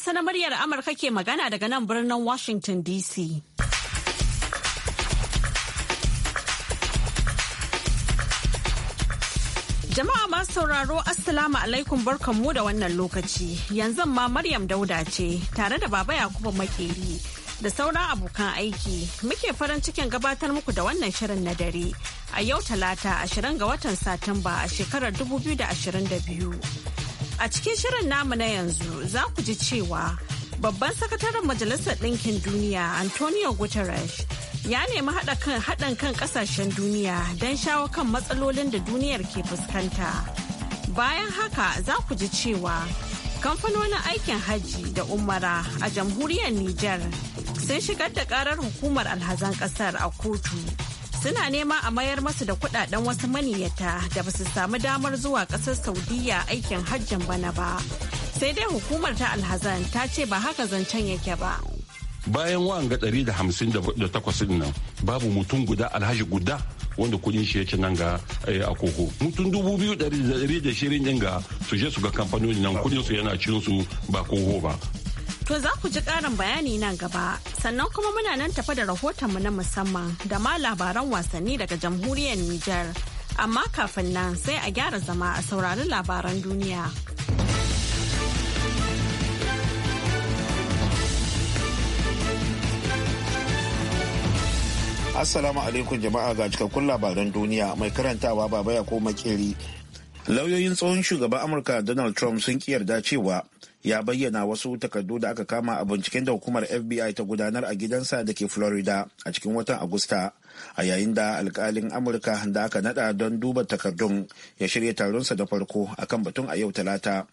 Hausa na muryar Amurka ke magana daga nan birnin Washington DC. Jama'a masu sauraro Assalamu alaikum barkanmu da wannan lokaci. Yanzu ma Maryam Dauda ce tare da Baba Yakubu Makeri da sauran abokan aiki muke farin cikin gabatar muku da wannan shirin na dare a yau talata 20 ga watan Satumba a shekarar 2022. A cikin shirin namu na yanzu za ku ji cewa babban sakataren Majalisar Ɗinkin Duniya Antonio Guterres ya nemi haɗa kan haɗin kan ƙasashen duniya don shawo kan matsalolin da duniyar ke fuskanta. Bayan haka za ku ji cewa kamfanonin aikin hajji da umara a jamhuriyar Nijar sun shigar da ƙarar hukumar alhazan ƙasar a kotu. suna nema a mayar masu da kudaden wasu maniyata da basu su samu damar zuwa kasar saudiya aikin hajjan bana ba sai dai hukumar ta alhazan ta ce ba haka zancen yake ba bayan wa'anga 158 din nan babu mutum guda alhaji guda wanda kudin shi yake nan ga eh, a koko mutum dubu biyu ɗari da shirin din ga su je su ga kamfanoni nan kudin su yana cin su ba koko ba To za ku ji ƙarin bayani nan gaba, sannan kuma muna nan tafa da rahotonmu na musamman da ma labaran wasanni daga jamhuriyar Nijar. Amma kafin nan sai a gyara zama a saurari labaran duniya. Assalamu alaikum jama'a ga cikakkun labaran duniya mai karantawa baba ya ko makeri. Lauyoyin tsohon shugaban Amurka Donald Trump sun yarda cewa ya bayyana wasu takardu da aka kama a binciken da hukumar fbi ta gudanar a gidansa da ke florida a cikin watan agusta a yayin da alkalin amurka da aka nada don duba takardun ya shirya taronsa da farko akan batun a yau talata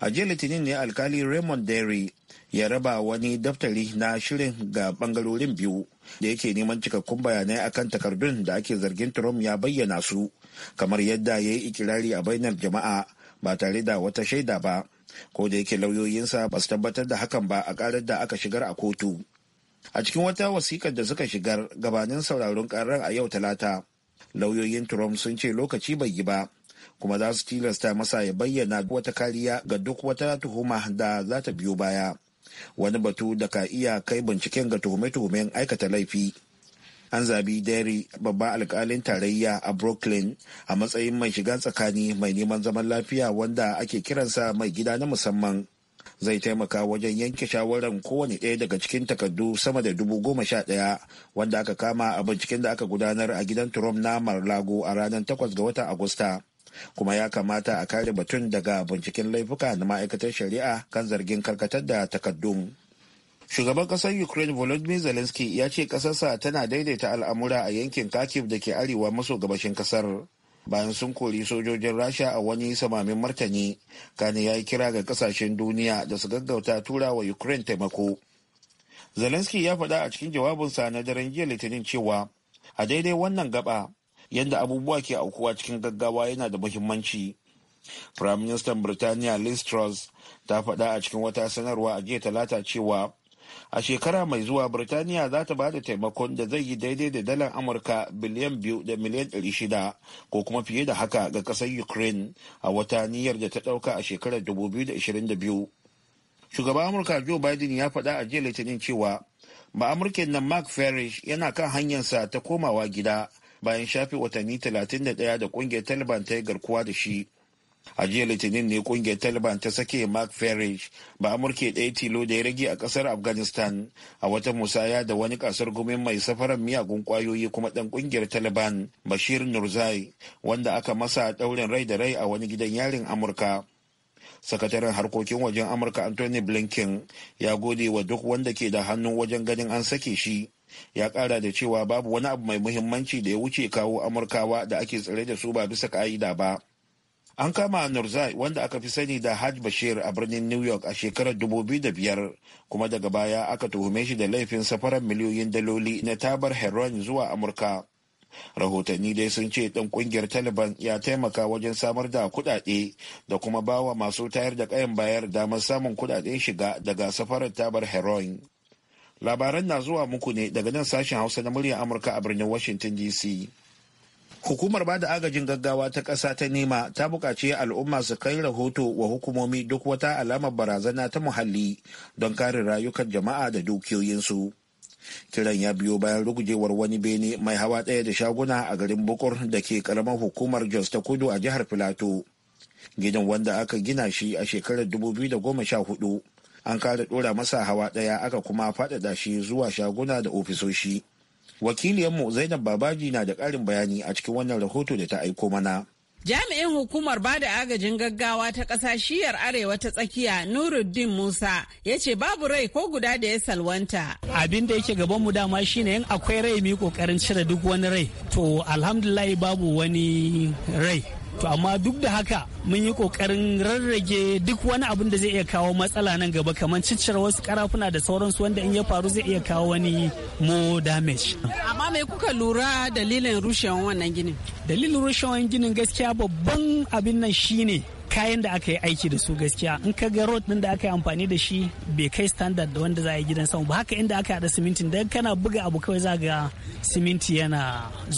a jiya litinin ne alkali raymond derry ya raba wani daftari na shirin ga bangarorin biyu da yake neman cikakkun bayanai akan takardun da ake zargin trump ya bayyana su kamar yadda ya yi ikirari a bainar jama'a ba tare da wata shaida ba ko da yake lauyoyinsa ba su tabbatar da hakan ba a karar da aka shigar a kotu a cikin wata wasikar da suka shigar gabanin sauraron karar a yau talata lauyoyin trump sun ce lokaci bai yi ba kuma za su tilasta masa ya bayyana wata kariya ga duk wata tuhuma da za ta biyo baya wani batu da ka iya kai binciken ga tuhume-tuhumen aikata laifi an zabi Derry babban alkalin tarayya a Brooklyn a matsayin mai shiga tsakani mai neman zaman lafiya wanda ake kiransa mai gida na musamman. Zai taimaka wajen yanke shawarar kowane ɗaya daga cikin takardu sama da dubu goma sha ɗaya wanda aka kama a binciken da aka gudanar a gidan Trump na Marlago a ranar takwas ga watan Agusta. Kuma ya kamata a kare batun daga binciken laifuka na ma'aikatar shari'a kan zargin karkatar da takardun. Shugaban ƙasar Ukraine Volodymyr Zelensky ya ce ƙasarsa tana daidaita al'amura a yankin Kharkiv da ke arewa maso gabashin ƙasar. Bayan sun kori sojojin Rasha a wani samamin martani, Kani ya yi kira ga ƙasashen duniya da su gaggauta tura wa Ukraine taimako. Zelensky ya faɗa a cikin jawabinsa na daren jiya Litinin cewa a daidai wannan gaba yadda abubuwa ke aukuwa cikin gaggawa yana da muhimmanci. Firaministan Birtaniya Liz Truss ta faɗa a cikin wata sanarwa a jiya talata cewa a shekara mai zuwa birtaniya za ta bada taimakon da zai yi daidai da dalar amurka biliyan biyu da miliyan ɗari shida ko kuma fiye da haka ga ƙasar ukraine a wata niyyar da ta ɗauka a shekarar 2022 shugaban amurka joe biden ya faɗa a jiya litinin cewa ba nan mark farish yana kan hanyarsa ta komawa gida bayan shafe watanni 31 da kungiyar taliban ta yi garkuwa da shi a jiya litinin ne kungiyar taliban ta sake mark farage ba amurke ɗaya tilo da ya rage a ƙasar afghanistan a wata musaya da wani kasar gumin mai safarar miyagun kwayoyi kuma ɗan kungiyar taliban bashir nurzai wanda aka masa ɗaurin rai da rai a wani gidan yarin amurka sakataren harkokin wajen amurka anthony blinken ya gode wa duk wanda ke da hannu wajen ganin an sake shi ya kara da cewa babu wani abu mai muhimmanci da ya wuce kawo amurkawa da ake tsare da su ba bisa ka'ida ba An kama Nurzai wanda aka fi sani da Hajj Bashir a birnin New York a shekarar 2005 kuma daga baya aka tuhume shi da laifin safarar miliyoyin daloli na tabar Heron zuwa Amurka. Rahotanni dai sun ce ɗan ƙungiyar Taliban ya taimaka wajen samar da kuɗaɗe da kuma bawa masu tayar da ƙayan bayar damar samun kuɗaɗen shiga daga safarar tabar Heron. Labaran na zuwa muku ne daga nan sashen Hausa na muryar Amurka a birnin Washington DC. Hukumar bada agajin gaggawa ta ƙasa ta nema ta buƙaci al'umma su kai rahoto wa hukumomi duk wata alamar barazana ta muhalli don kare rayukan jama'a da dukiyoyinsu. Kiran ya biyo bayan rugujewar wani bene mai hawa ɗaya da shaguna a garin Bukur da ke ƙaramar hukumar Jos ta kudu a jihar Filato. Gidan wanda aka gina shi a shekarar 2014 an kara ɗora masa hawa ɗaya aka kuma faɗaɗa shi zuwa shaguna da ofisoshi. wakiliyanmu zainab babaji na da ƙarin bayani a cikin wannan rahoto da ta aiko mana Jami'in hukumar bada agajin gaggawa ta ƙasa shiyar arewa ta tsakiya Nuruddin Musa ya ce babu rai ko guda da ya salwanta. Abin da yake gabanmu dama shine yin akwai rai mu yi ƙoƙarin cire duk wani rai. To alhamdulillah babu wani rai. to amma duk da haka mun yi kokarin rarrage duk wani abin da zai iya kawo matsala nan gaba kamar ciccire wasu karafuna da sauransu wanda in ya faru zai iya kawo wani mo damage amma me kuka lura dalilin rushewan wannan ginin dalilin rushewan ginin gaskiya babban abin nan shine kayan da aka yi aiki da su gaskiya in ka ga road din da aka yi amfani da shi bai kai standard da wanda za a yi gidan sama ba haka inda aka haɗa simintin da kana buga abu kawai za ga siminti yana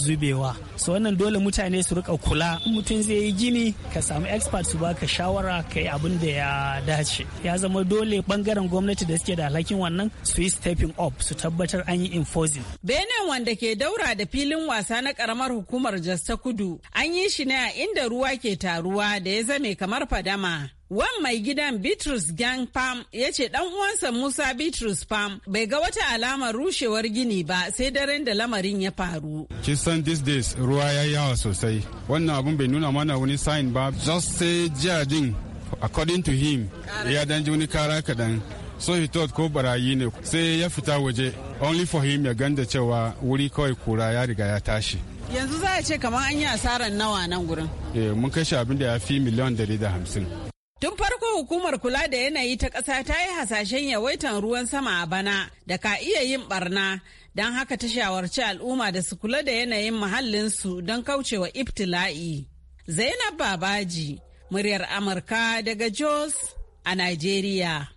zubewa so wannan dole mutane su rika kula in mutum zai yi gini ka samu expert su baka shawara ka yi abin da ya dace ya zama dole bangaren gwamnati da suke da alhakin wannan su yi stepping up su tabbatar an yi enforcing benin wanda ke daura da filin wasa na karamar hukumar jasta ta kudu an yi shi ne a inda ruwa ke taruwa da ya zame kamar fadama. Wan mai gidan Bitrus Gang Pam ya ce dan uwansa Musa Bitrus Pam bai ga wata alamar rushewar gini ba sai daren da lamarin ya faru. Kisan this days ruwa ya yawa sosai. Wannan abun bai nuna mana wani sign ba. Just say jiya din according to him ya dan ji wani kara kadan. So he thought ko barayi ne sai ya fita waje only for him ya ganda cewa wuri kawai kura ya riga ya tashi. yanzu za a ce kamar an yi asarar nawa nan gurin eh, mun kashe abin da ya fi miliyan dari da hamsin Tun farko hukumar kula da yanayi ta ƙasa ta yi hasashen yawaitan ruwan sama a bana da ka iya yin barna don haka ta shawarci al'umma da su kula da yanayin muhallinsu don kaucewa ibtila'i. Zainab Babaji, muryar Amurka daga Jos a nigeria.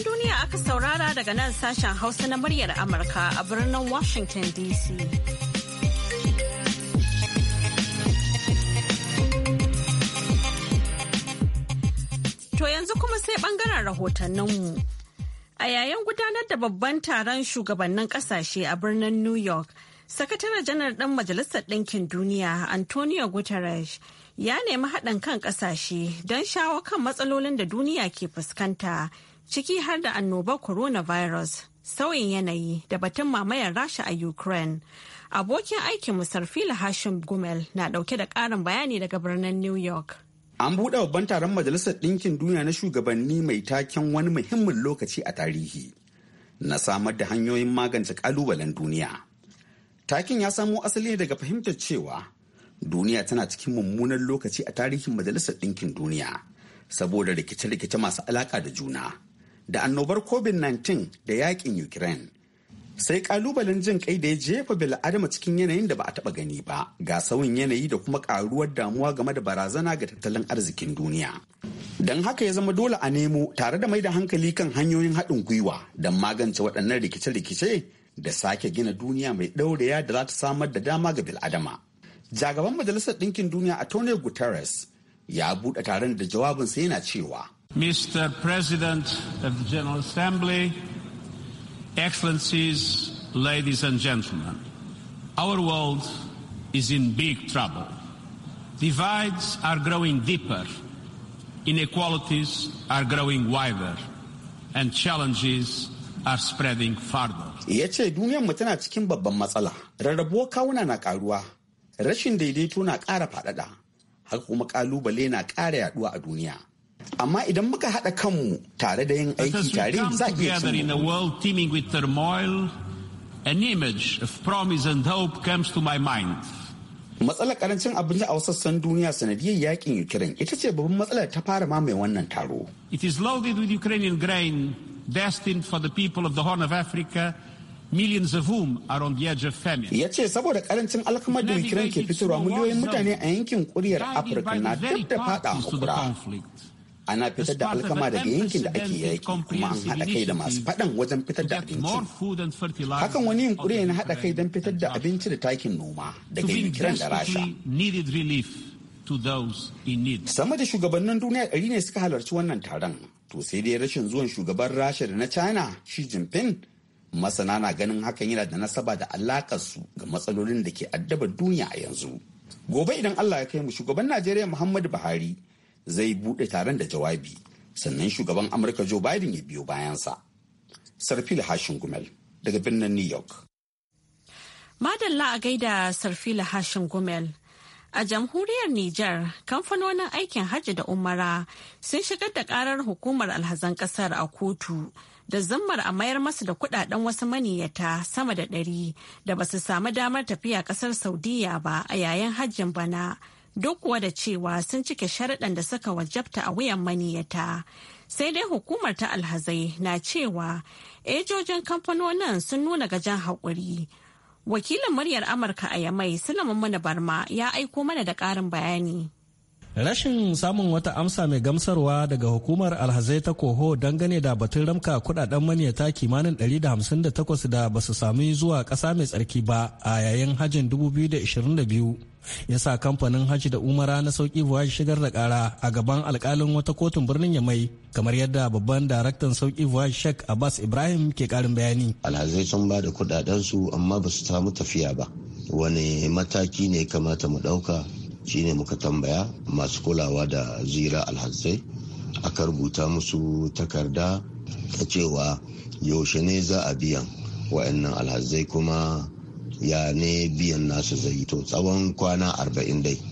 labaran duniya aka saurara daga nan sashen Hausa na muryar Amurka a birnin Washington DC. To yanzu kuma sai bangaren rahotanninmu. A yayin gudanar da babban taron shugabannin kasashe a birnin New York, sakatare janar ɗan Majalisar Ɗinkin Duniya Antonio Guterres ya nemi haɗin kan ƙasashe don shawo kan matsalolin da duniya ke fuskanta ciki har da annobar coronavirus sauyin yanayi da batun mamayar rasha a ukraine abokin aikin musarfila hashim gumel na dauke da karin bayani daga birnin new york an buɗe babban taron majalisar ɗinkin duniya na shugabanni mai taken wani muhimmin lokaci a tarihi na samar da hanyoyin magance ƙalubalen duniya takin ya samo asali ne daga fahimtar cewa duniya tana cikin mummunan lokaci a tarihin majalisar ɗinkin duniya saboda rikice-rikice masu alaƙa da juna da annobar covid-19 da yakin ukraine sai kalubalen jin kai da ya jefa bil'adama cikin yanayin da ba a taba gani ba ga sauyin yanayi da kuma karuwar damuwa game da barazana ga tattalin arzikin duniya don haka ya zama dole a nemo tare da mai da hankali kan hanyoyin haɗin gwiwa don magance waɗannan rikice-rikice da sake gina duniya mai ɗauraya da za ta samar da dama ga bil'adama jagaban majalisar ɗinkin duniya a tony guterres ya buɗe taron da jawabinsa yana cewa Mr. President of the General Assembly, Excellencies, ladies and gentlemen, our world is in big trouble. Divides are growing deeper, inequalities are growing wider, and challenges are spreading farther. Ya ce mu tana cikin babban matsala, rarrabuwar kawuna na karuwa, rashin daidaito na kara faɗaɗa, haka kuma ƙalubale na ƙara yaɗuwa a duniya amma idan muka haɗa kanmu tare da yin aiki tare za An image of promise and hope comes to my mind. Matsalar karancin abinci a sassan duniya sanadiyar yakin Ukraine ita ce babban matsalar ta fara mamaye wannan taro. It is loaded with Ukrainian grain destined for the people of the Horn of Africa millions of whom are on the edge of famine. Ya ce saboda karancin alkamar da Ukraine ke fitarwa miliyoyin mutane a yankin kuriyar Afirka na duk da fada a ana fitar da alkama daga yankin da ake yaki kuma an haɗa kai da masu faɗan wajen fitar da abinci hakan wani yunkuri ne na haɗa kai don fitar da abinci da takin noma daga yankiran da rasha sama da shugabannin duniya ɗari ne suka halarci wannan taron to sai dai rashin zuwan shugaban rasha da na china shi jinping masana na ganin hakan yana da nasaba da alakarsu ga matsalolin da ke addabar duniya a yanzu gobe idan allah ya kai mu shugaban najeriya muhammadu buhari zai buɗe taron da jawabi sannan shugaban amurka joe biden ya biyo bayansa sarfil hashin gumel daga birnin new york madalla a gaida sarfila hashin gumel A jamhuriyar Niger, kamfanonin aikin hajji da umara sun shigar da karar hukumar alhazan kasar a kotu da zammar a mayar masa da kudaden wasu maniyata sama da ɗari da basu samu damar tafiya kasar Saudiya ba a yayin hajjin bana. duk kuwa cewa sun cike sharaɗan da suka wajabta a wuyan maniyata. Sai dai hukumar ta alhazai na cewa ejojin kamfanonin sun nuna gajen haƙuri. Wakilin muryar Amurka a Yamai Sulaiman Mana Barma ya aiko mana da ƙarin bayani. Rashin samun wata amsa mai gamsarwa daga hukumar alhazai ta koho dangane da batun ramka kudaden manyata kimanin 158 da ba su sami zuwa kasa mai tsarki ba a yayin hajjin 2022 ya sa kamfanin hajji da umara na sauki buwa shigar da kara a gaban alkalin wata kotun birnin yamai kamar yadda babban daraktan sauki buwa shek abbas ibrahim ke karin bayani alhazai sun ba da kudaden su amma ba su samu tafiya ba wani mataki ne kamata mu ɗauka shine muka tambaya masu kulawa da zira alhazzai aka rubuta musu takarda ta cewa yaushe ne za a biyan wa'annan Alhazai kuma ya ne biyan nasu zai to tsawon kwana arba'in dai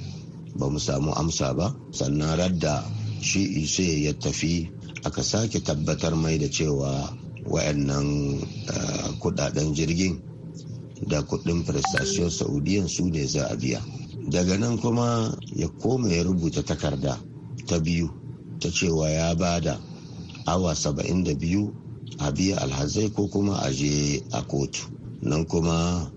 ba mu samu amsa ba sannan radda shi ise ya tafi aka sake tabbatar mai da cewa wa'annan eh, kudaden jirgin da kuɗin prestasiyon saudiyan su ne za a biya daga nan kuma ya koma ya rubuta takarda ta biyu ta cewa ya ba da awa 72 biyu a biya alhazai ko kuma a je a kotu nan kuma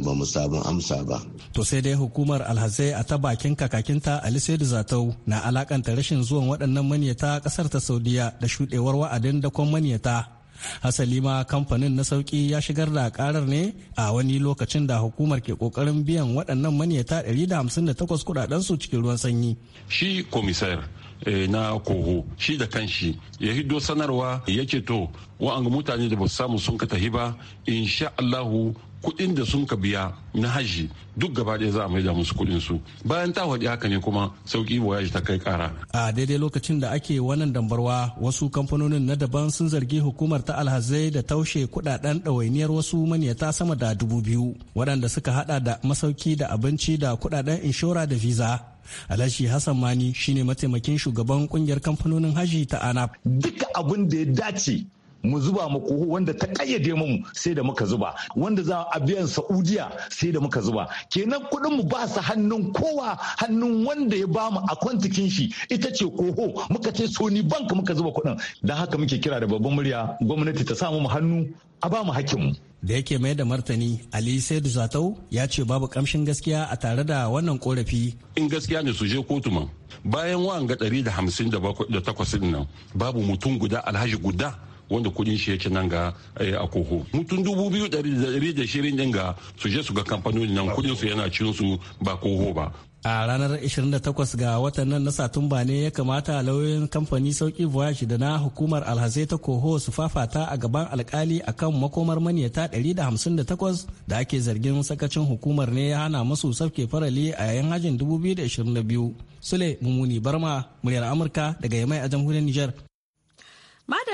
ba mu samu amsa ba to sai dai hukumar alhazai a ta bakin kakakinta ali saidu zatau na alakanta rashin zuwan waɗannan manyata ƙasar ta saudiya da shuɗewar wa'adin dakon manyata hasali ma kamfanin na sauki ya shigar da karar ne a wani lokacin da hukumar ke kokarin biyan waɗannan manyata 158 kudaden su cikin ruwan sanyi shi komisar eh, na koho shi da kanshi ya hiddo sanarwa yake to wa'anga mutane da ba su samu sun ka tahi ba insha Allahu kuɗin da sun ka biya na hajji duk gaba ɗaya za a maida musu kuɗin su bayan ta waɗi haka ne kuma sauki voyage ta kai ƙara. a daidai lokacin da ake wannan dambarwa wasu kamfanonin na daban sun zargi hukumar ta alhazai da taushe kuɗaɗen ɗawainiyar wasu manyata sama da dubu biyu waɗanda suka haɗa da masauki da abinci da kuɗaɗen inshora da visa alhaji hassan mani shine mataimakin shugaban kungiyar kamfanonin haji ta anap duka abin da ya dace mu zuba ma koho wanda ta kayyade mu sai da muka zuba wanda za a biyan saudiya sai da muka zuba kenan kuɗin mu ba su hannun kowa hannun wanda ya bamu a kwantikin shi ita ce koho muka ce sony bank muka zuba kuɗin dan haka muke kira da babban murya gwamnati ta samu mu hannu a bamu mu. da yake mai da martani ali saidu zatau ya ce babu kamshin gaskiya a tare da wannan korafi in gaskiya ne su je kotu man bayan wa'anga 158 din nan babu mutum guda alhaji guda wanda kudin shi yake nan ga eh, a koho mutum dubu biyu ɗari da shirin din ga su je su ga kamfanoni nan kudin su yana cin su ba koho ba a ranar 28 ga watan nan na satumba ne ya kamata lauyoyin kamfani sauki voyage da na hukumar alhazai ta koho su fafata a gaban alkali akan makomar maniyata 158 da ake zargin sakacin hukumar ne ya hana masu sauke farali a yayin hajjin 2022 sule mummuni barma muryar amurka daga yamai a jamhuriyar niger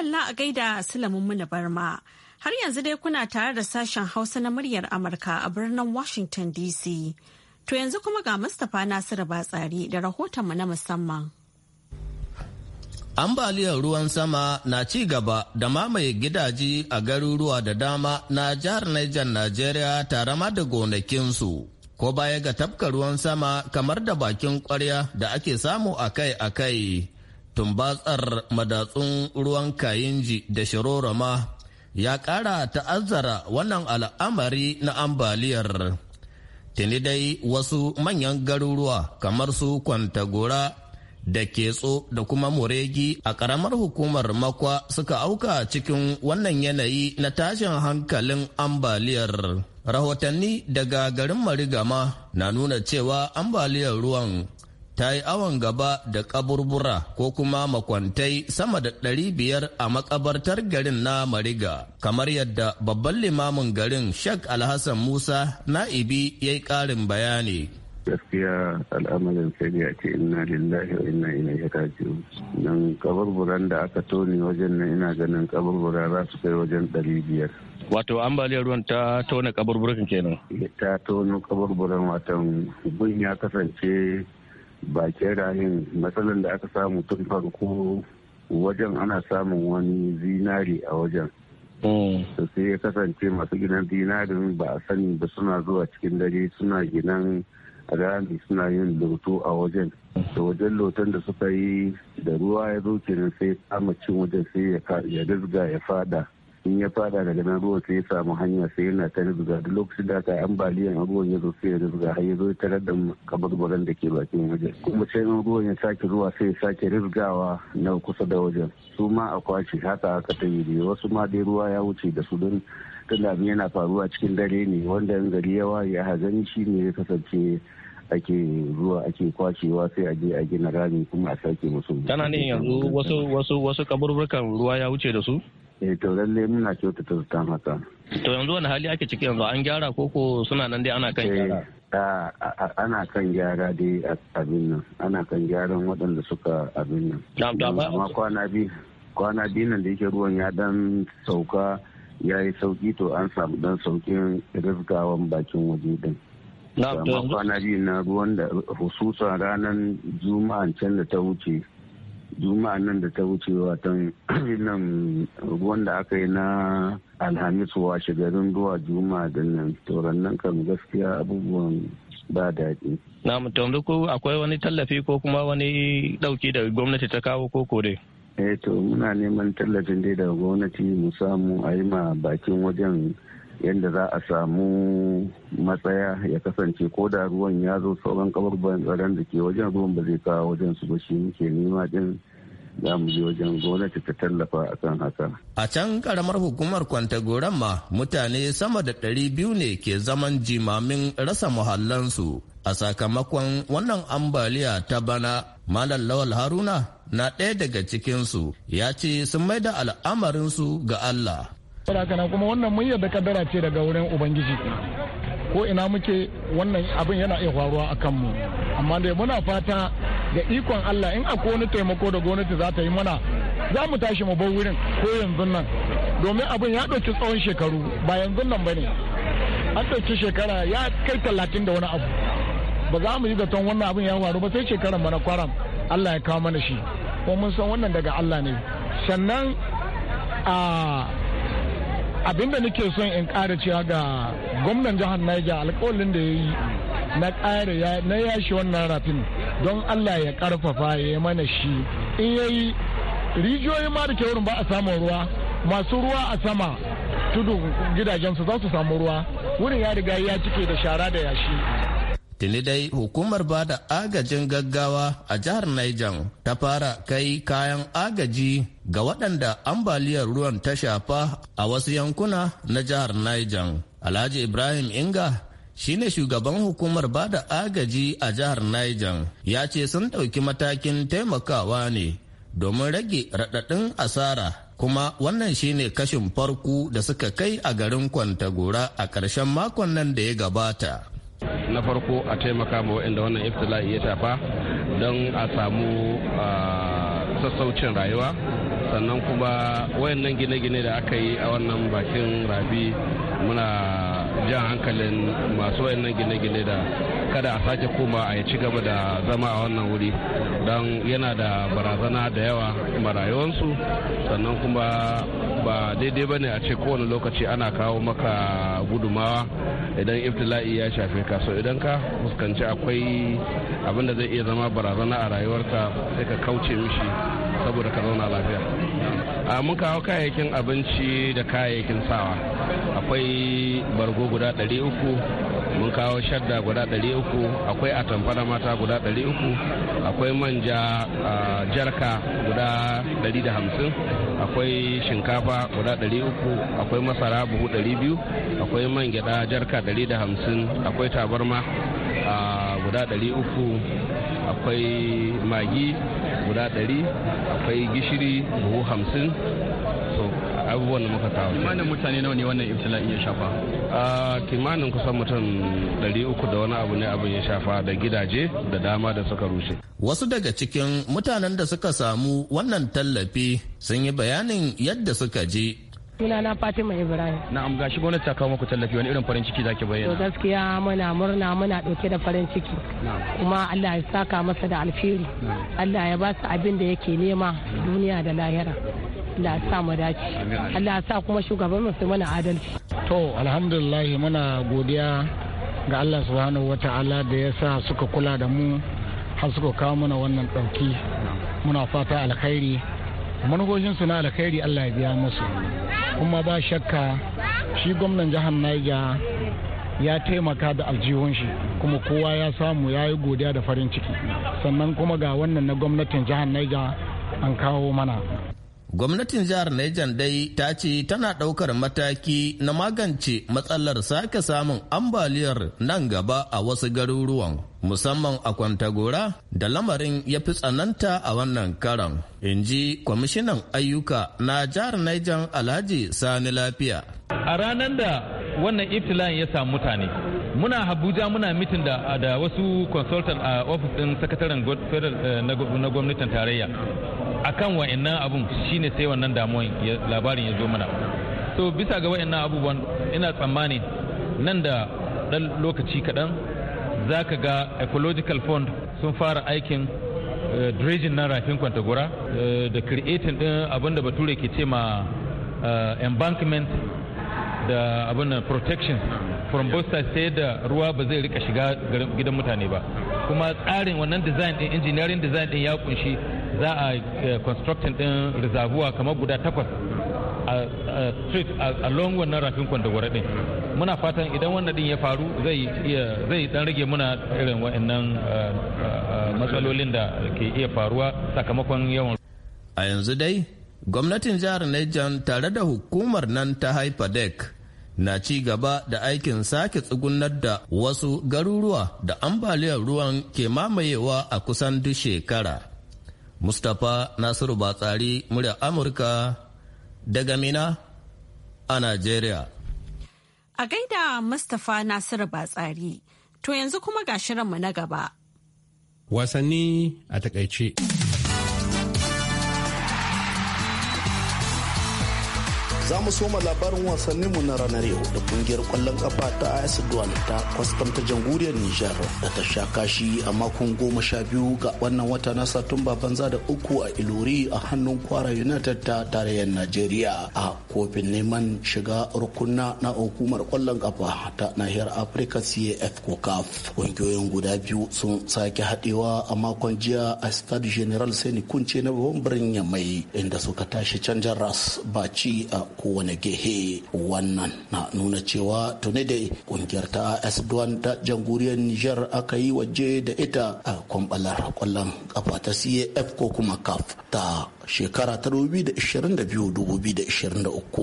Allah a gaida mu na barma. Har yanzu dai kuna tare da sashen Hausa na muryar Amurka a birnin Washington DC. To yanzu kuma ga Mustapha Nasiru Batsari da rahoton mu na musamman. Ambaliyar ruwan sama na ci gaba da mamaye gidaje a garuruwa da dama na jihar Niger Najeriya tare ma da gonakinsu. Ko baya ga tafka ruwan sama kamar da bakin kwarya da ake samu akai-akai. tumbatsar madatsun ruwan kayinji da shirorama ya ƙara ta'azzara wannan al'amari na ambaliyar. Tuni dai wasu manyan garuruwa kamar su Kwantagora da Ketso da kuma Muregi a ƙaramar hukumar Makwa suka auka cikin wannan yanayi na tashin hankalin ambaliyar. Rahotanni daga garin Marigama na nuna cewa ambaliyar ruwan ta yi awon gaba da kaburbura ko kuma makwantai sama da ɗari biyar a makabartar garin na Mariga, kamar yadda babban limamin garin Sheikh Alhassan Musa na'ibi ya yi ƙarin bayani. gaskiya al'amarin sai dai ce inna lillahi wa inna ilaihi raji'un nan kaburburan da aka toni wajen nan ina ganin kaburbura za su kai wajen ɗari biyar wato ambaliyar ruwan ta tona kaburburan kenan ta tono kaburburan watan gun ya kasance bakin ranin matsalar da aka samu tun farko wajen ana samun wani zinari a wajen hmm. to sai ya kasance masu gidan zinarin ba a sani ba suna zuwa cikin dare suna ginan rami suna yin loto a wajen da hmm. wajen loton da suka yi da ruwa ya zo kenan sai kama wajen sai ya rizga ya fada in ya fada daga nan ruwan sai ya samu hanya sai yana ta zuga duk lokacin da aka yi ambaliyan ruwan ya zo sai ya zuga har ya zo ya tarar da kabarbaran da ke bakin wajen kuma sai in ruwan ya sake zuwa sai ya sake rizgawa na kusa da wajen su ma a kwashi haka aka ta yi wasu ma dai ruwa ya wuce da su don tunda abin yana faruwa cikin dare ne wanda in gari ya waye a hazani shi ne ya kasance ake zuwa ake kwacewa sai a je a gina rami kuma a sake musu. Tana ne yanzu wasu wasu wasu kaburbukan ruwa ya wuce da su? eh to lalle muna kyautata zata haka to yanzu wani hali ake ciki yanzu an gyara ko ko suna nan dai ana kan eh, gyara ana kan gyara dai abin nan ana kan gyaran waɗanda suka abin nan amma kwana biyu kwana biyu nan da yake ruwan ya dan sauka ya yi sauki to an samu dan saukin rizgawan bakin waje din amma kwana biyu na ruwan da hususan ranar juma'an can da ta wuce juma'a nan da ta wuce watan nan da aka yi na alhamis wa shigarin zuwa juma'a da nan tauran nan kan gaskiya abubuwan ba daɗi. na mutum ko akwai wani tallafi ko kuma wani ɗauki da gwamnati ta kawo ko kore. eh to muna neman tallafin dai daga gwamnati mu samu a yi ma bakin wajen yadda za a samu matsaya ya kasance ko da ruwan ya zo sauran kabarban tsaron da ke wajen ruwan ba zai kawo wajen su ba shi muke nema din za mu je wajen gwamnati ta tallafa a kan haka. A can karamar hukumar Kwantagoran ma mutane sama da ɗari biyu ne ke zaman jimamin rasa muhallansu a sakamakon wannan ambaliya ta bana Malam Lawal Haruna na ɗaya daga cikinsu ya ce sun maida al'amarinsu ga Allah. saboda kuma wannan mun yadda kaddara ce daga wurin ubangiji ko ina muke wannan abin yana iya faruwa a kanmu amma dai muna fata ga ikon Allah in akwai wani taimako da gwamnati za ta yi mana za mu tashi mu bar wurin ko yanzu nan domin abin ya ɗauki tsawon shekaru ba yanzu nan ba ne an ɗauki shekara ya kai talatin da wani abu ba za mu yi zaton wannan abin ya faru ba sai shekaran bana kwaram Allah ya kawo mana shi ko mun san wannan daga Allah ne sannan a ah, abinda nake son in ƙara cewa ga gwamnan jihar Niger alƙawarin da ya yi na ƙara na yashi wannan rafin don Allah ya karfafa ya yi mana shi in ya yi rijiyoyi ma da ke wurin ba a samun ruwa masu ruwa a sama tudu gidajensu za su samu ruwa wurin ya riga ya cike da shara da yashi Tuni dai hukumar ba da agajin gaggawa a jihar Niger ta fara kai kayan agaji ga waɗanda ambaliyar ruwan ta shafa a wasu yankuna na jihar Niger. Alhaji Ibrahim Inga shine shugaban hukumar ba da agaji a jihar Niger ya ce sun ɗauki matakin taimakawa ne domin rage raɗaɗin asara kuma wannan shine kashin farko da suka kai a garin kwantagora a ƙarshen makon nan da ya gabata na farko a taimaka ma waɗanda wannan iftila'i ya tafa don a samu sassaucin rayuwa sannan kuma wayannan gine-gine da aka yi a wannan bakin rabi muna jan hankalin masu wayannan gine-gine da kada a sake koma a ci gaba da zama a wannan wuri don yana da barazana da yawa marayuwansu sannan kuma ba daidai ba ne a ce kowane lokaci ana kawo maka gudumawa idan iftila'i ya shafe ka so idan ka fuskanci akwai abin da zai iya zama barazana a rayuwarka sai ka kauce mishi saboda ka zauna lafiya mun kawo kayayyakin abinci da kayayyakin sawa akwai bargo guda 300 mun kawo shadda guda 300 akwai atamfa na mata guda 300 akwai manja jarka guda 150 akwai shinkafa guda 300 akwai masara buhu 200 akwai man gyada jarka 150 akwai tabarma guda 300 akwai magi guda ɗari akwai gishiri buhu hamsin so abubuwan da muka kawo kimanin mutane nawa ne wannan ibtila'in ya shafa a ah, kimanin kusan mutum ɗari uku da wani abu ne abin ya shafa da gidaje da dama da suka rushe wasu daga cikin mutanen da suka samu wannan tallafi sun yi bayanin yadda suka je suna sunana Fatima Ibrahim. Na'am gashi gwamnati ta kawo muku tallafi wani irin farin ciki zaki bayyana. To gaskiya muna murna muna dauke da farin ciki. Kuma Allah ya saka masa da alfiri. Allah ya ba su abin da yake nema duniya da lahira. Allah ya sa mu dace. Allah ya sa kuma shugaban mu mana adalci. To alhamdulillah muna godiya ga Allah subhanahu wata'ala da ya sa suka kula da mu har suka kawo mana wannan dauki Muna fata alkhairi manufofin na kairi allah ya biya musu kuma ba shakka shi gwamnan jihar naija ya taimaka da aljihun shi kuma kowa ya samu ya yi godiya da farin ciki sannan kuma ga wannan na gwamnatin jihar naija an kawo mana Gwamnatin jihar Niger dai ta ce tana ɗaukar mataki na magance matsalar sake samun ambaliyar nan gaba a wasu garuruwan, musamman a Kwantagora da lamarin ya fi tsananta a wannan karan. In ji kwamishinan ayyuka na jihar Niger Alhaji Sani Lafiya. A ranar da wannan iftila'in ya samu mutane, muna habuja muna mitin da wasu consultant a office din sakataren eh, na gwamnatin tarayya akan wa'annan abun shine sai wannan damuwan labarin ya zo mana so bisa ga wa'annan abubuwan ina tsammani nan da dan lokaci kaɗan za ka ga ecological fund sun fara aikin eh, dredging na rafin kwantagora eh, da creating din abin da bature ke ce ma embankment da abin protection from sai sai da ruwa ba zai rika shiga gidan mutane ba kuma tsarin wannan design din engineering design din ya kunshi za a eh, constructing din rizabuwa kamar guda takwas a street wanan wannan rafin kwandagwara din muna fatan idan wannan din ya faru zai zai dan rage muna irin wa'annan eh, eh, matsalolin da ke iya faruwa sakamakon yawan a yanzu dai gwamnatin jihar Niger tare da hukumar nan ta hyperdeck. na ci gaba da aikin sake tsugunar da wasu garuruwa da ambaliyar ruwan ke mamayewa a kusan duk shekara. Mustapha Nasiru Batsari murya Amurka daga Mina a Najeriya. A gaida Mustapha Nasiru Batsari, to yanzu kuma ga shirinmu na gaba. Wasanni a takaice. Za mu soma labarin wasannin mu na ranar yau da kungiyar kwallon kafa ta AS Dual ta kwastamta jamhuriyar Nijar da ta sha kashi a makon goma sha biyu ga wannan wata na Satumba banza da uku a Ilori a hannun kwara United ta tarayyar Najeriya a kofin neman shiga rukunna na hukumar kwallon kafa ta nahiyar Afirka CAF ko CAF. Kungiyoyin guda biyu sun sake haɗewa a makon jiya a Stade General Seni Kunce na babban birnin Yamai inda suka tashi canjar ras baci a kowane gehe wannan na nuna cewa tuni da kungiyar ta asduwan ta jamhuriyar niger aka yi waje da ita a kwambalar kwallon kafa ta caf ko kuma caf ta shekara ta 2022-2023 duk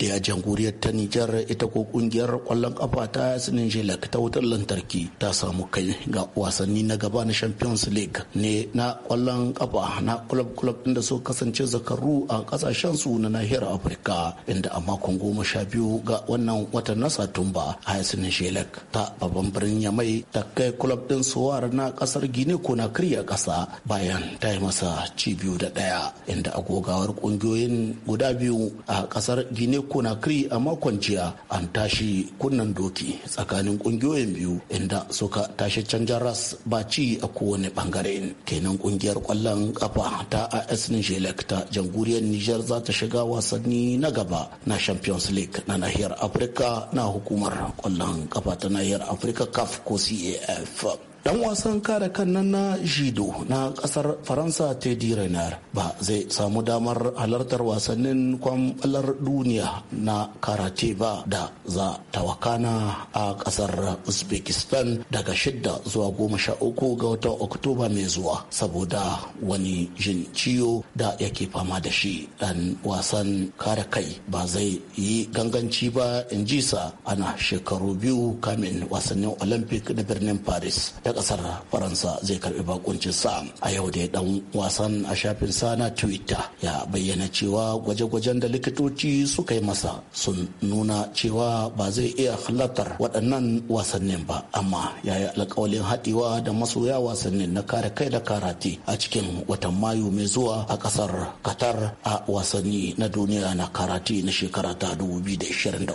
da jamhuriyar ta nijar ita ko kungiyar kwallon kafa ta sinin jelak ta wutar lantarki ta samu kai ga wasanni na gaba na champions league ne na kwallon kafa na club club inda su kasance zakaru a kasashen su na nahiyar afirka inda a makon goma sha biyu ga wannan watan na Satumba Hayasin Shelek ta babban birnin Yamai ta kai kulab din Suwar na ƙasar Gine Conakry a ƙasa bayan ta yi masa ci biyu da ɗaya inda agogawar ƙungiyoyin guda biyu a ƙasar Gine kiri a makon jiya an tashi kunnan doki tsakanin ƙungiyoyin biyu inda suka tashi canjar ras ba ci a kowane bangare kenan ƙungiyar kwallon ƙafa ta a AS shelek ta jamhuriyar Nijar za ta shiga wasanni na gaba na champions league na nahiyar afirka na hukumar kwallon kafa ta nahiyar afirka caf ko caf dan wasan kare kan nan na jido na kasar faransa teddy renard ba zai samu damar halartar wasannin kwamfalar duniya na karate ba da za ta wakana a kasar uzbekistan daga shidda zuwa goma sha uku ga watan oktoba mai zuwa saboda wani jin ciwo da yake fama da shi dan wasan kare kai ba zai yi ganganci ba in ji sa ana shekaru biyu kamin wasannin olympic na birnin paris kasar faransa zai karbi bakuncin sa a yau da ya dan wasan a shafin sa na twitter ya bayyana cewa gwaje-gwajen da likitoci suka yi masa sun nuna cewa ba zai iya halartar waɗannan wasannin ba amma ya yi alkawalin haɗewa da masoya wasannin na kare kai da karate a cikin watan mayu mai zuwa a kasar qatar a wasanni na duniya na karate na shekara ta 2023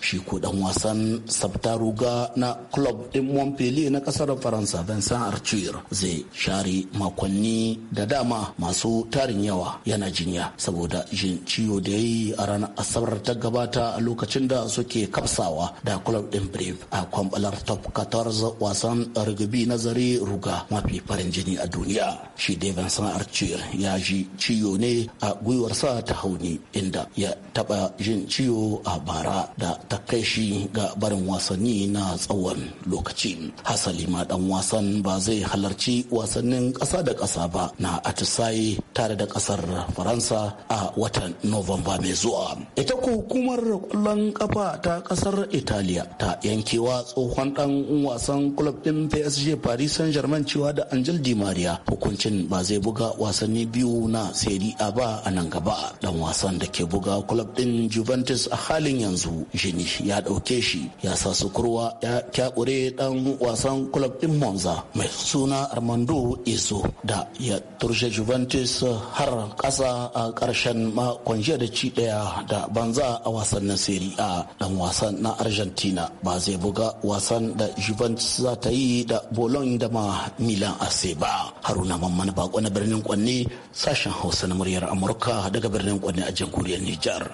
shi ko dan wasan sabtaruga na club ɗin montpellier na kasar faransa vincent archer zai share makonni da dama masu tarin yawa yana jinya saboda jin ciwo da yi a ranar asabar ta gabata a lokacin da suke kapsawa da club din brave a kwambalar top 14 wasan rugby na ruga mafi farin jini a duniya shi dai vincent archer ya ji ciwo ne a gwiwarsa ta hauni inda ya taba jin ciwo a bara da ta kai shi ga barin wasanni na tsawon lokacin hasali ma dan wasan ba zai halarci wasannin ƙasa da ƙasa ba na atisaye tare da ƙasar faransa a watan novamba mai zuwa ita ku hukumar kwallon kafa ta ƙasar italiya ta yankewa tsohon dan wasan club din psg paris saint germain cewa da angel di maria hukuncin ba zai buga wasanni biyu na serie a ba a nan gaba dan wasan da ke buga club din juventus a halin yanzu jini ya dauke shi ya sa sukurwa ya kyakure dan wasan club din monza mai suna armando iso da ya turshe juventus har kasa a karshen makon jiya da ci daya da banza a wasannin seri a dan wasan na argentina ba zai buga wasan da juventus za ta yi da bolon da ma milan AC ba haruna mamman bako na birnin kwanne sashen hausa na muryar amurka daga birnin kwanne a jamhuriyar nijar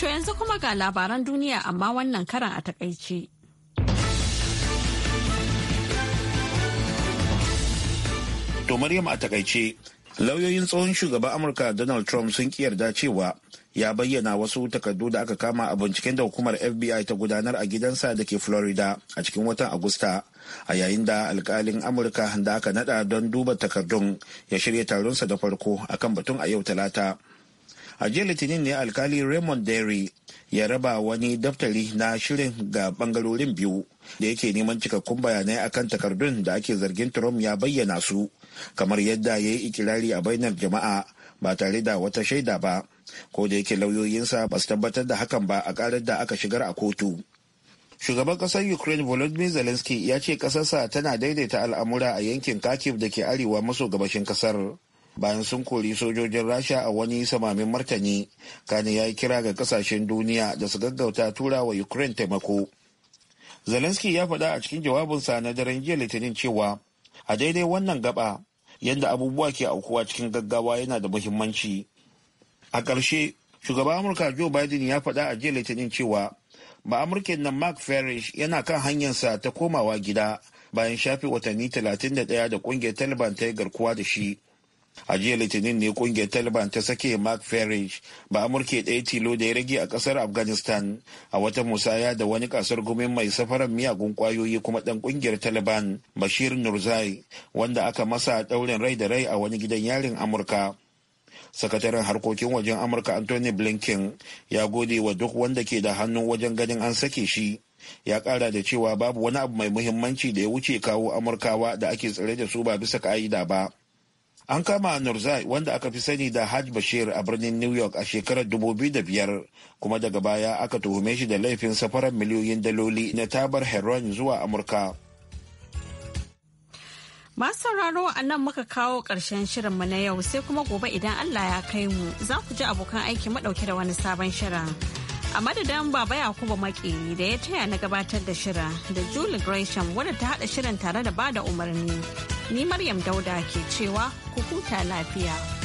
To yanzu kuma ga labaran duniya amma wannan karan a takaice. To Maryam a takaice, lauyoyin tsohon shugaban Amurka Donald Trump sun yarda cewa ya bayyana wasu takardu da aka kama a binciken da hukumar FBI ta gudanar a gidansa da ke Florida a cikin watan Agusta, a yayin da alkalin Amurka da aka nada don duba takardun ya shirya taronsa da farko akan batun a yau talata. a jiya litinin ne alkali raymond derry ya raba wani daftari na shirin ga bangarorin biyu da yake neman cikakkun bayanai akan takardun da ake zargin trump ya bayyana su kamar yadda ya yi ikirari a bainar jama'a ba tare da wata shaida ba ko da yake lauyoyinsa ba su tabbatar da hakan ba a karar da aka shigar a kotu shugaban kasar ukraine volodymyr zelensky ya ce kasarsa tana daidaita al'amura a yankin kakiv da ke arewa maso gabashin kasar bayan sun kori sojojin rasha a wani samamin martani kane ya yi kira ga kasashen duniya da su gaggauta tura wa ukraine taimako zelensky ya faɗa a cikin jawabinsa na daren jiya litinin cewa a daidai wannan gaba yadda abubuwa ke aukuwa cikin gaggawa yana da muhimmanci a ƙarshe shugaban amurka joe biden ya faɗa a jiya litinin cewa ba nan mark farish yana kan hanyarsa ta komawa gida bayan shafe watanni 31 da ƙungiyar taliban ta yi garkuwa da shi a jiya litinin ne kungiyar taliban ta sake mark farage ba amurke ɗaya tilo da ya rage a ƙasar afghanistan a wata musaya da wani kasar gumin mai safarar miyagun kwayoyi kuma ɗan kungiyar taliban bashir nurzai wanda aka masa ɗaurin rai da rai a wani gidan yarin amurka sakataren harkokin wajen amurka anthony blinken ya gode wa duk wanda ke da hannu wajen ganin an sake shi ya kara da cewa babu wani abu mai muhimmanci da ya wuce kawo amurkawa da ake tsare da su ba bisa ka'ida ba An kama Nurzai wanda aka fi sani da Haj Bashir a birnin New York a shekarar 2005 kuma daga baya aka tuhume shi da laifin safarar miliyoyin daloli na tabar heron zuwa Amurka. Masu sauraro a nan muka kawo ƙarshen shirinmu na yau sai kuma gobe idan Allah ya kai mu za ku ji abokan aiki madauke da wani sabon shirin. a madadin baba yakubu makeri da ya taya na gabatar da shirin da julie gresham wadda ta hada shirin tare da bada umarni ni maryam dauda ke cewa ku huta lafiya